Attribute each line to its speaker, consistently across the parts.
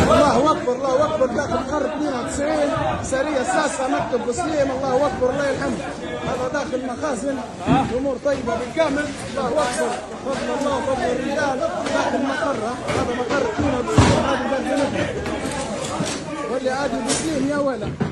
Speaker 1: الله اكبر الله اكبر داخل القرن 92 سريه الساسه مكتب
Speaker 2: بسليم الله اكبر الله يرحمه هذا داخل مخازن الامور طيبه بالكامل الله اكبر فضل الله فضل الرجال داخل مقره هذا مقر تونس هذا بلد واللي عادي بسليم يا ولد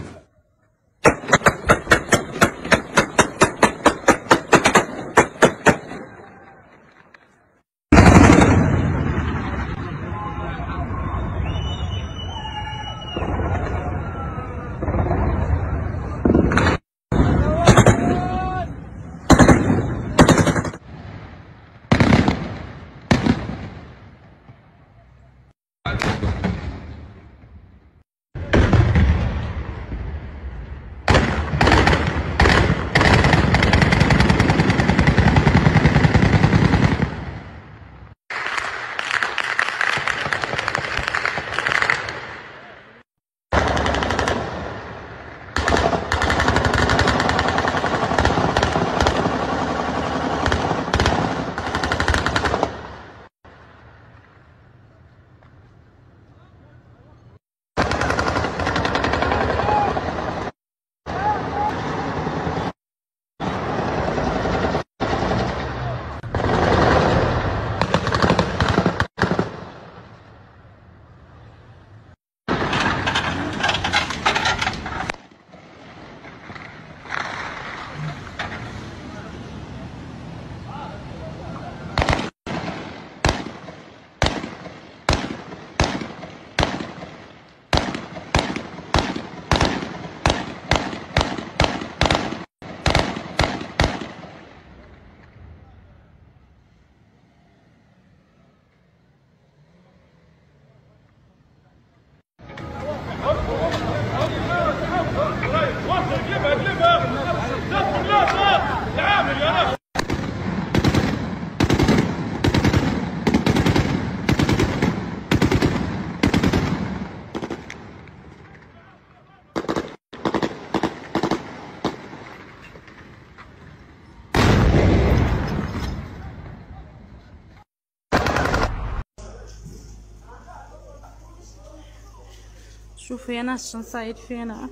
Speaker 2: شوفي انا شن صايد فينا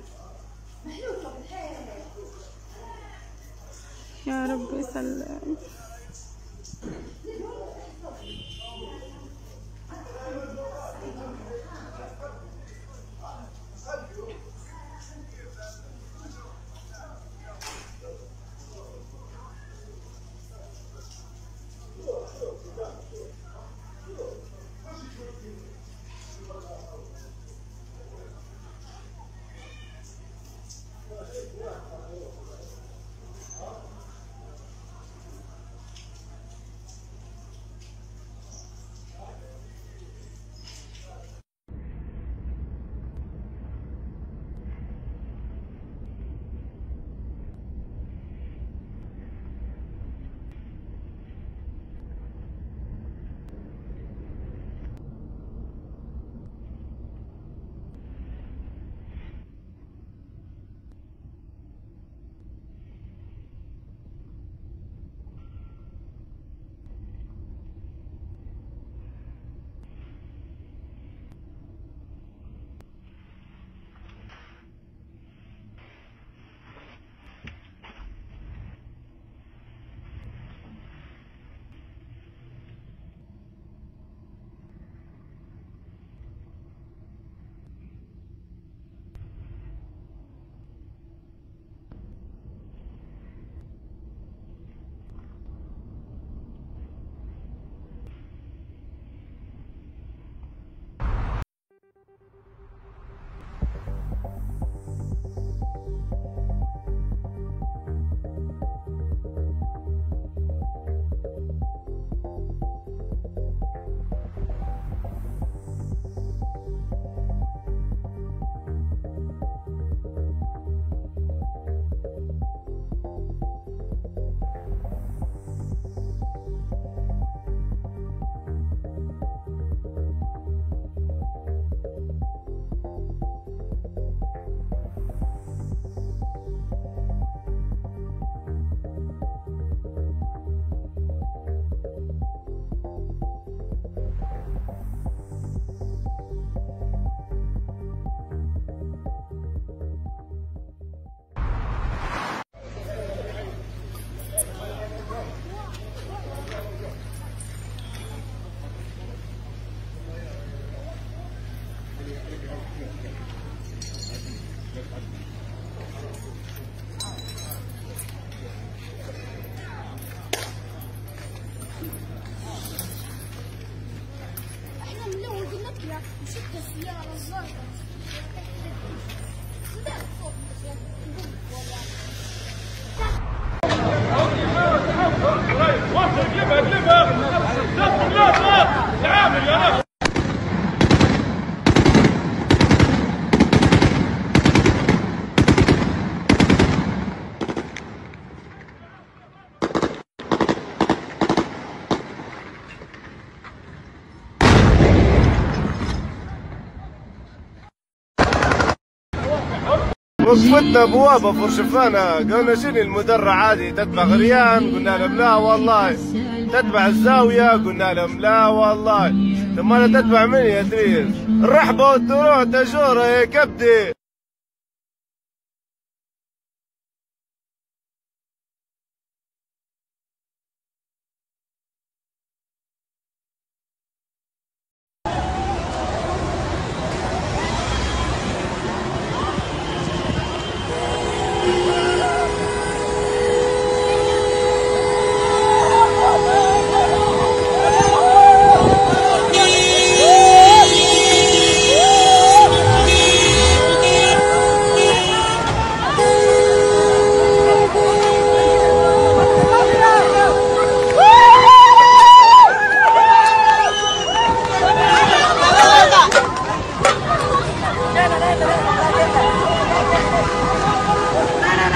Speaker 2: يا ربي سلام Right, what's the give and live up? That's the love, love, the army, you know. وقفتنا بوابة فرشفانة قالنا شنو المدرع عادي تتبع غريان قلنا لهم لا والله تتبع الزاوية قلنا لهم لا والله ثم أنا تتبع مني يا تريز الرحبة والدروع تجورة يا كبدي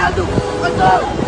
Speaker 2: Ronaldo! Gol!